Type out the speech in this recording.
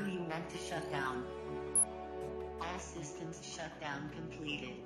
you meant to shut down. All systems shut down completed.